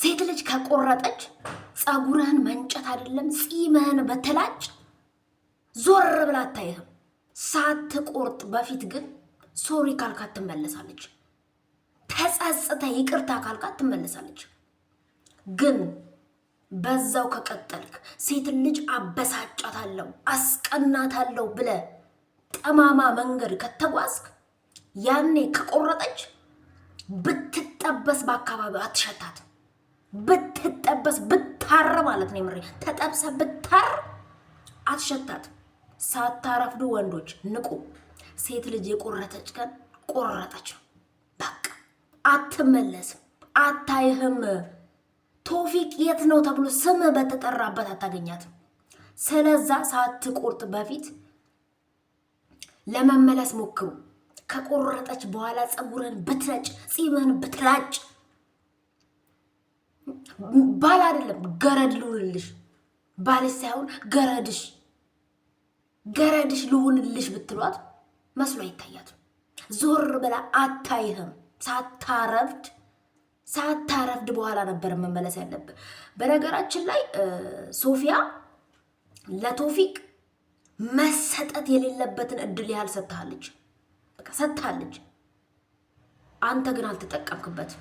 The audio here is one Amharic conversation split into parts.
ሴት ልጅ ከቆረጠች ፀጉርህን መንጨት አይደለም ፂምህን በተላጭ ዞር ብላ አታይህም። ሳትቆርጥ በፊት ግን ሶሪ ካልካት ትመለሳለች። ተጸጽተ ይቅርታ ካልካት ትመለሳለች። ግን በዛው ከቀጠልክ ሴትን ልጅ አበሳጫታለሁ አስቀናታለሁ ብለ ጠማማ መንገድ ከተጓዝክ ያኔ ከቆረጠች ብትጠበስ በአካባቢው አትሸታት። ብትጠበስ ብታር ማለት ነው። የምሬ ተጠብሰ ብታር አትሸታት። ሳታረፍዱ ወንዶች ንቁ። ሴት ልጅ የቆረጠች ቀን ቆረጠች ነው በቃ። አትመለስም፣ አታይህም። ቶፊቅ የት ነው ተብሎ ስም በተጠራበት አታገኛትም። ስለዛ ሳትቆርጥ በፊት ለመመለስ ሞክሩ። ከቆረጠች በኋላ ፀጉርን ብትነጭ ፂምህን ብትላጭ ባል አይደለም ገረድ ልሁንልሽ፣ ባል ሳይሆን ገረድሽ ገረድሽ ልሁንልሽ ብትሏት መስሎ አይታያት። ዞር ብላ አታይህም። ሳታረፍድ ሳታረፍድ በኋላ ነበር መመለስ ያለብን። በነገራችን ላይ ሶፊያ ለቶፊቅ መሰጠት የሌለበትን እድል ያህል ሰጥታለች፣ በቃ ሰጥታለች። አንተ ግን አልተጠቀምክበትም።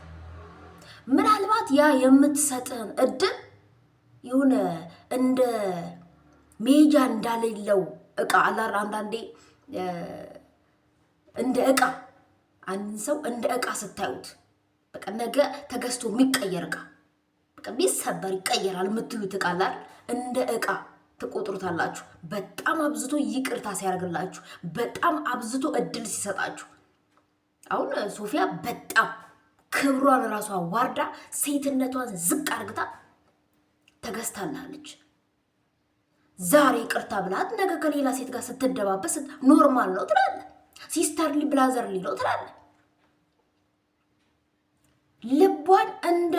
ምናልባት ያ የምትሰጥህን እድል የሆነ እንደ ሜጃ እንዳሌለው እቃ አላር አንዳንዴ እንደ እቃ አንድን ሰው እንደ እቃ ስታዩት በቃ ነገ ተገዝቶ የሚቀየር እቃ በቃ ቢሰበር ይቀየራል የምትሉት እቃ አላር እንደ እቃ ትቆጥሩታላችሁ። በጣም አብዝቶ ይቅርታ ሲያደርግላችሁ፣ በጣም አብዝቶ እድል ሲሰጣችሁ አሁን ሶፊያ በጣም ክብሯን ራሷ ዋርዳ ሴትነቷን ዝቅ አርግታ ተገዝታላለች። ዛሬ ይቅርታ ብላት ነገ ከሌላ ሴት ጋር ስትደባበስ ኖርማል ነው ትላለ። ሲስተርሊ ብላዘርሊ ነው ትላለ። ልቧን እንደ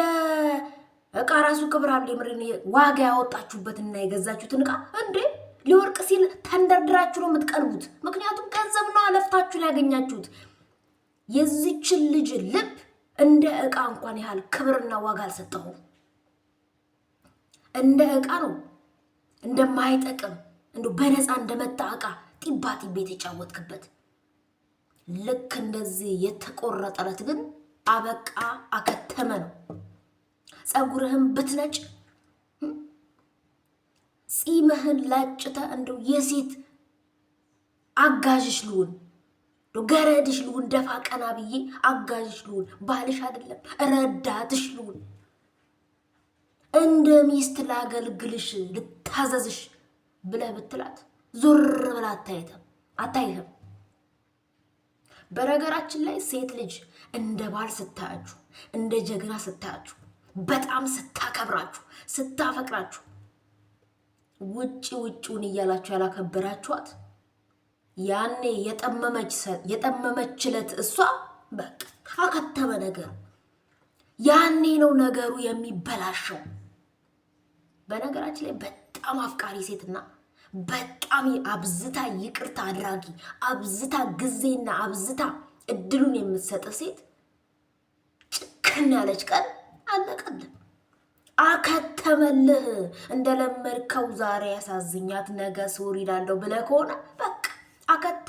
እቃ ራሱ ክብር አለ። ምር ዋጋ ያወጣችሁበትና የገዛችሁትን እቃ እንዴ ሊወርቅ ሲል ተንደርድራችሁ ነው የምትቀርቡት። ምክንያቱም ገንዘብ ነው አለፍታችሁን ያገኛችሁት። የዚችን ልጅ ልብ እንደ እቃ እንኳን ያህል ክብርና ዋጋ አልሰጠሁም። እንደ እቃ ነው እንደማይጠቅም እንዲ በነፃ እንደመጣ እቃ ጢባ ጢቤ የተጫወትክበት። ልክ እንደዚህ የተቆረጠለት ግን አበቃ አከተመ ነው። ፀጉርህን ብትነጭ ፂምህን ላጭተ እንደው የሴት አጋዥሽ ልሁን ገረድሽ ልሁን፣ ደፋ ቀና ብዬ አጋዥሽ ልሁን፣ ባልሽ አይደለም ረዳትሽ ልሁን፣ እንደ ሚስት ላገልግልሽ፣ ልታዘዝሽ ብለህ ብትላት ዙር ብላ አታየትም አታይህም። በነገራችን ላይ ሴት ልጅ እንደ ባል ስታያችሁ፣ እንደ ጀግና ስታያችሁ፣ በጣም ስታከብራችሁ፣ ስታፈቅራችሁ ውጭ ውጭውን እያላችሁ ያላከበራችኋት ያኔ የጠመመችለት እሷ በቃ አከተመ ነገሩ። ያኔ ነው ነገሩ የሚበላሸው። በነገራችን ላይ በጣም አፍቃሪ ሴትና በጣም አብዝታ ይቅርታ አድራጊ አብዝታ ጊዜና አብዝታ እድሉን የምትሰጥ ሴት ጭክን ያለች ቀን አለቀልን፣ አከተመልህ። እንደለመድከው ዛሬ ያሳዝኛት ነገ ሶሪ እላለሁ ብለህ ከሆነ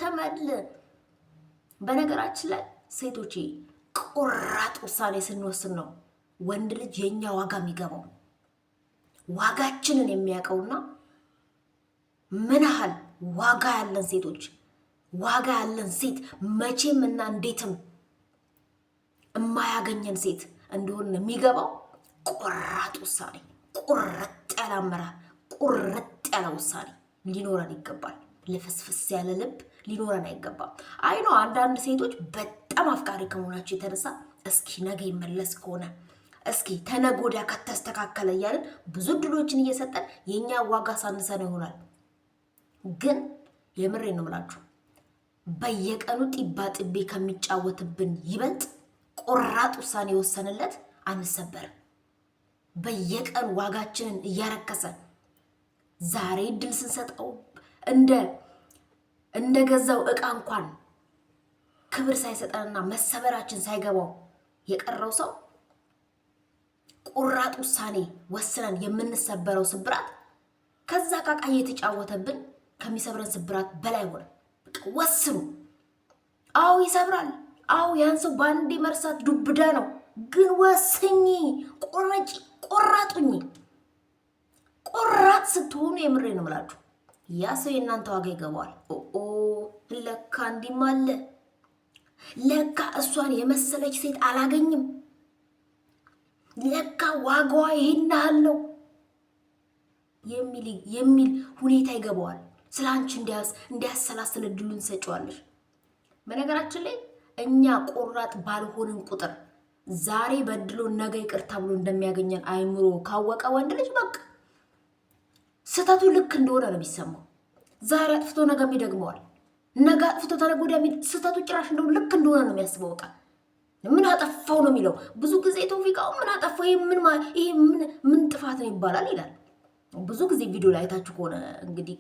ተመል በነገራችን ላይ ሴቶቼ ቆራጥ ውሳኔ ስንወስን ነው ወንድ ልጅ የእኛ ዋጋ የሚገባው ዋጋችንን የሚያውቀውና ምን ያህል ዋጋ ያለን ሴቶች ዋጋ ያለን ሴት መቼም እና እንዴትም የማያገኘን ሴት እንደሆን የሚገባው ቆራጥ ውሳኔ፣ ቁርጥ ያለ አመራር፣ ቁርጥ ያለ ውሳኔ ሊኖረን ይገባል። ልፍስፍስ ያለ ልብ ሊኖረን አይገባም። አይ ነው አንዳንድ ሴቶች በጣም አፍቃሪ ከመሆናቸው የተነሳ እስኪ ነገ ይመለስ ከሆነ እስኪ ተነጎዳ ከተስተካከለ እያለን ብዙ እድሎችን እየሰጠን የእኛ ዋጋ ሳንሰነው ይሆናል። ግን የምሬ ነው ምላችሁ በየቀኑ ጢባ ጢቤ ከሚጫወትብን ይበልጥ ቆራጥ ውሳኔ የወሰንለት አንሰበርም። በየቀኑ ዋጋችንን እያረከሰን ዛሬ እድል ስንሰጠው እንደ እንደገዛው እቃ እንኳን ክብር ሳይሰጠንና መሰበራችን ሳይገባው የቀረው ሰው ቁራጥ ውሳኔ ወስነን የምንሰበረው ስብራት ከዛ ቃቃ እየተጫወተብን ከሚሰብረን ስብራት በላይ ሆነ። ወስኑ። አዎ ይሰብራል። አዎ ያን ሰው በአንዴ መርሳት ዱብዳ ነው። ግን ወስኝ፣ ቆረጪ፣ ቆራጡኝ። ቆራጥ ስትሆኑ የምሬ ነው ምላችሁ ያ ሰው የእናንተ ዋጋ ይገባዋል። ኦ ለካ እንዲም አለ፣ ለካ እሷን የመሰለች ሴት አላገኝም፣ ለካ ዋጋዋ ይሄን ያህል ነው የሚል ሁኔታ ይገባዋል። ስለ አንቺ እንዲያሰላስል እድሉን ሰጪዋለሽ። በነገራችን ላይ እኛ ቆራጥ ባልሆንን ቁጥር ዛሬ በድሎ ነገ ይቅርታ ብሎ እንደሚያገኘን አይምሮ ካወቀ ወንድ ልጅ በቃ ስህተቱ ልክ እንደሆነ ነው የሚሰማው። ዛሬ አጥፍቶ ነገ ይደግመዋል፣ ነገ አጥፍቶ ተነገ ወዲያ ስህተቱ ጭራሽ እንደሆነ ልክ እንደሆነ ነው የሚያስበው። በቃ ምን አጠፋው ነው የሚለው ብዙ ጊዜ ቶፊቃው ምን አጠፋው ይሄ ምን ጥፋት ነው ይባላል ይላል። ብዙ ጊዜ ቪዲዮ ላይ አይታችሁ ከሆነ እንግዲህ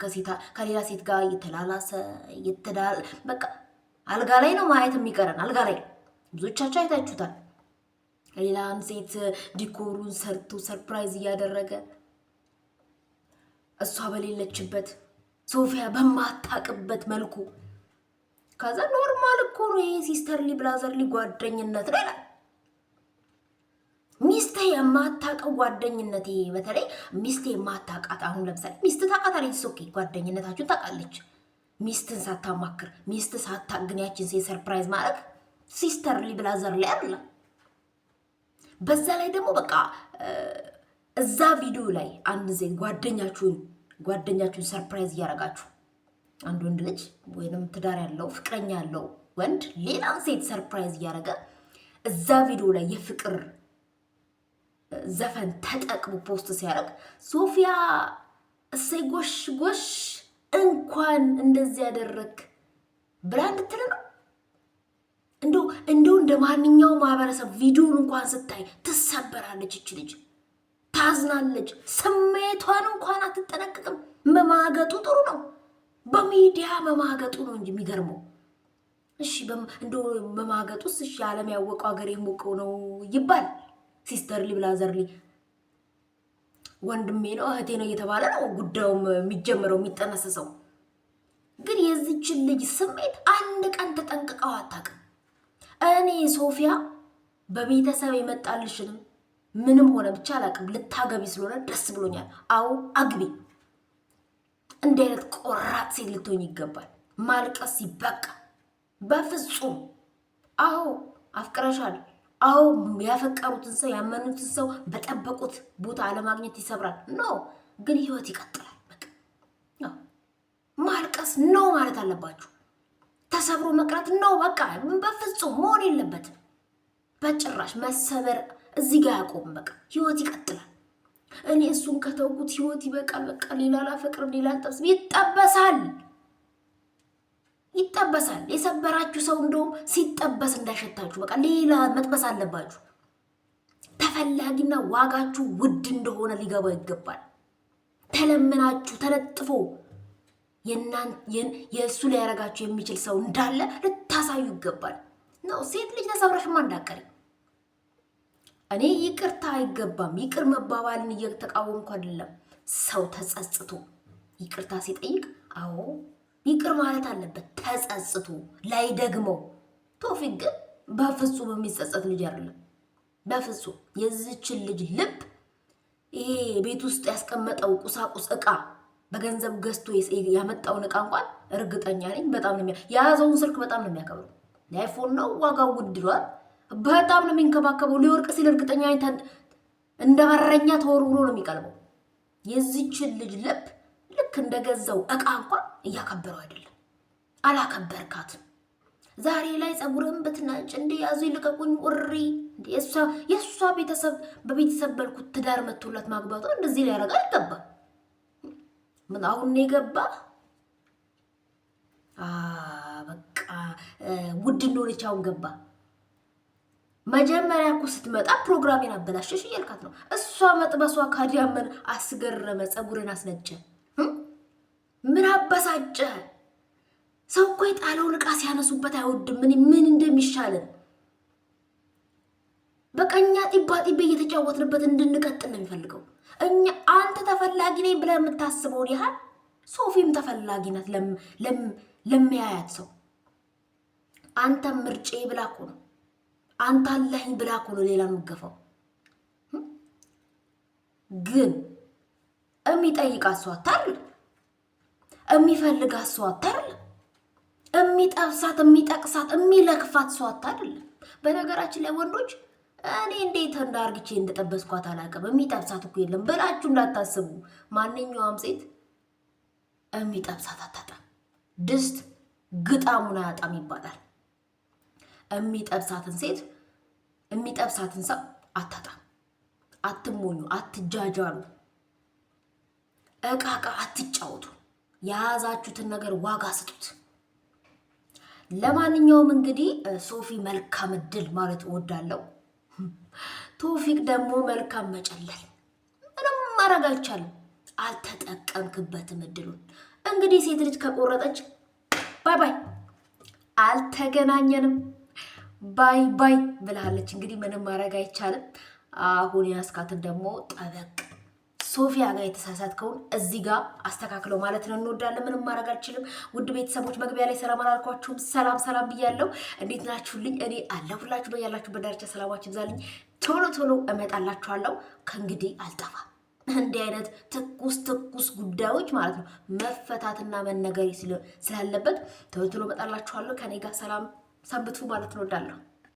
ከሌላ ሴት ጋር እየተላላሰ እየተዳል በቃ አልጋ ላይ ነው ማየት የሚቀረን አልጋ ላይ ብዙዎቻችሁ አይታችሁታል። ሌላን ሴት ዲኮሩን ሰርቶ ሰርፕራይዝ እያደረገ እሷ በሌለችበት ሶፊያ በማታቅበት መልኩ ከዛ ኖርማል እኮ ነው ይሄ ሲስተርሊ ብላዘርሊ ጓደኝነት ነው ይላል። ሚስት የማታቀው ጓደኝነት ይሄ በተለይ ሚስቴ የማታቃት አሁን ለምሳሌ ሚስት ታቃታለች፣ ሶኬ ጓደኝነታችሁን ታውቃለች። ሚስትን ሳታማክር ሚስት ሳታግንያችን ሴ ሰርፕራይዝ ማለት ሲስተርሊ ብላዘርሊ አይደለም። በዛ ላይ ደግሞ በቃ እዛ ቪዲዮ ላይ አንድ ዜ ጓደኛችሁን ጓደኛችሁን ሰርፕራይዝ እያደረጋችሁ አንድ ወንድ ልጅ ወይም ትዳር ያለው ፍቅረኛ ያለው ወንድ ሌላ ሴት ሰርፕራይዝ እያደረገ እዛ ቪዲዮ ላይ የፍቅር ዘፈን ተጠቅሞ ፖስት ሲያደርግ ሶፊያ እሰይ ጎሽ ጎሽ እንኳን እንደዚህ ያደረግ ብላ እንድትል ነው። እንደው እንደው እንደ ማንኛውም ማህበረሰብ ቪዲዮን እንኳን ስታይ ትሰበራለች ይች ልጅ። ታዝናለች። ስሜቷን እንኳን አትጠነቅቅም። መማገጡ ጥሩ ነው። በሚዲያ መማገጡ ነው እንጂ የሚገርመው። እሺ እንደ መማገጡስ እሺ፣ ዓለም ያወቀው ሀገር የሞቀው ነው ይባል። ሲስተር ሊብላዘርሊ ወንድሜ ነው እህቴ ነው እየተባለ ነው ጉዳዩም የሚጀምረው የሚጠነሰሰው። ግን የዚችን ልጅ ስሜት አንድ ቀን ተጠንቅቀው አታውቅም። እኔ ሶፊያ በቤተሰብ የመጣልሽንም ምንም ሆነ ብቻ አላቅም። ልታገቢ ስለሆነ ደስ ብሎኛል። አዎ አግቢ። እንዲህ አይነት ቆራጥ ሴት ልትሆኝ ይገባል። ማልቀስ ይበቃ። በፍጹም አዎ አፍቅረሻል። አዎ ያፈቀሩትን ሰው ያመኑትን ሰው በጠበቁት ቦታ አለማግኘት ይሰብራል። ኖ ግን ህይወት ይቀጥላል። በቃ ማልቀስ ነው ማለት አለባችሁ። ተሰብሮ መቅረት ነው በቃ። በፍጹም መሆን የለበትም በጭራሽ መሰበር እዚህ ጋር ያቆም። በቃ ህይወት ይቀጥላል። እኔ እሱን ከተውኩት ህይወት ይበቃል። በቃ ሌላ ላፈቅር፣ ሌላ ልጠብስ። ይጠበሳል፣ ይጠበሳል። የሰበራችሁ ሰው እንደውም ሲጠበስ እንዳሸታችሁ በቃ ሌላ መጥበስ አለባችሁ። ተፈላጊና ዋጋችሁ ውድ እንደሆነ ሊገባ ይገባል። ተለምናችሁ ተለጥፎ የእሱ ሊያረጋችሁ የሚችል ሰው እንዳለ ልታሳዩ ይገባል ነው። ሴት ልጅ ተሰብረሽማ እንዳቀሪ እኔ ይቅርታ አይገባም፣ ይቅር መባባልን እየተቃወምኩ አይደለም። ሰው ተጸጽቶ ይቅርታ ሲጠይቅ አዎ ይቅር ማለት አለበት፣ ተጸጽቶ ደግሞ ቶፊቅ ግን በፍጹም የሚጸጸት ልጅ አይደለም። በፍጹም የዚችን ልጅ ልብ ይሄ ቤት ውስጥ ያስቀመጠው ቁሳቁስ እቃ በገንዘብ ገዝቶ ያመጣውን እቃ እንኳን እርግጠኛ ነኝ በጣም ነው የያዘውን ስልክ በጣም ነው የሚያከብረው። የአይፎን ነው ዋጋው ውድ በጣም ነው የሚንከባከበው። ሊወርቅ ሲል እርግጠኛ እንደ በረኛ ተወርውሮ ነው የሚቀልበው። የዚችን ልጅ ልብ ልክ እንደገዛው እቃ እንኳን እያከበረው አይደለም። አላከበርካትም። ዛሬ ላይ ጸጉርህን ብትናጭ እንደ ያዙ ይልቀቁኝ ቁሪ የእሷ ቤተሰብ በቤተሰብ በልኩ ትዳር መቶላት ማግባቷ እንደዚህ ሊያደርግ አይገባም። ምን አሁን የገባ በቃ ውድ እንደሆነች አሁን ገባ። መጀመሪያ እኮ ስትመጣ ፕሮግራሜን አበላሸሽ እያልካት ነው። እሷ መጥበሷ ካዲያመን አስገረመ፣ ፀጉርን አስነጨ፣ ምን አበሳጨ? ሰው እኮ የጣለውን ዕቃ ሲያነሱበት አይወድም። ምን ምን እንደሚሻለን በቃ እኛ ጢባ ጢቤ እየተጫወትንበት እንድንቀጥል ነው የሚፈልገው። እኛ አንተ ተፈላጊ ነኝ ብለህ የምታስበውን ያህል ሶፊም ተፈላጊ ናት ለሚያያት ሰው። አንተም ምርጬ ብላ እኮ ነው አንተ አለኝ ብላ እኮ ነው ሌላ የምገፋው። ግን የሚጠይቃት ሰው አታርል፣ የሚፈልጋት ሰው አታርል፣ የሚጠብሳት የሚጠቅሳት የሚለክፋት ሰው አታርል። በነገራችን ላይ ወንዶች እኔ እንዴት እንዳርግቼ እንደጠበስኳት አላውቅም። የሚጠብሳት እኮ የለም ብላችሁ እንዳታስቡ። ማንኛውም ሴት የሚጠብሳት አታጣም። ድስት ግጣሙን አያጣም ይባላል። የሚጠብሳትን ሴት የሚጠብሳትን ሰው አታጣም። አትሞኙ፣ አትጃጃሉ፣ እቃ እቃ አትጫወቱ። የያዛችሁትን ነገር ዋጋ ስጡት። ለማንኛውም እንግዲህ ሶፊ መልካም እድል ማለት እወዳለሁ። ቶፊቅ ደግሞ መልካም መጨለል። ምንም ማድረግ አይቻልም፣ አልተጠቀምክበትም እድሉን። እንግዲህ ሴት ልጅ ከቆረጠች ባይ ባይ፣ አልተገናኘንም። ባይ ባይ ብላለች። እንግዲህ ምንም ማድረግ አይቻልም። አሁን ያስካትን ደግሞ ጠበቅ ሶፊያ ጋር የተሳሳትከውን እዚህ ጋር አስተካክለው ማለት ነው። እንወዳለን፣ ምንም ማድረግ አልችልም። ውድ ቤተሰቦች መግቢያ ላይ ሰላም አላልኳችሁም? ሰላም ሰላም ብያለሁ። እንዴት ናችሁልኝ? እኔ አለሁላችሁ። በያላችሁ በዳርቻ ሰላማችሁ ይብዛልኝ። ቶሎ ቶሎ እመጣላችኋለሁ። ከእንግዲህ አልጠፋ እንዲህ አይነት ትኩስ ትኩስ ጉዳዮች ማለት ነው መፈታትና መነገር ስላለበት ቶሎ ቶሎ እመጣላችኋለሁ። ከኔ ጋር ሰላም ሰንብቱ ማለት እንወዳለሁ።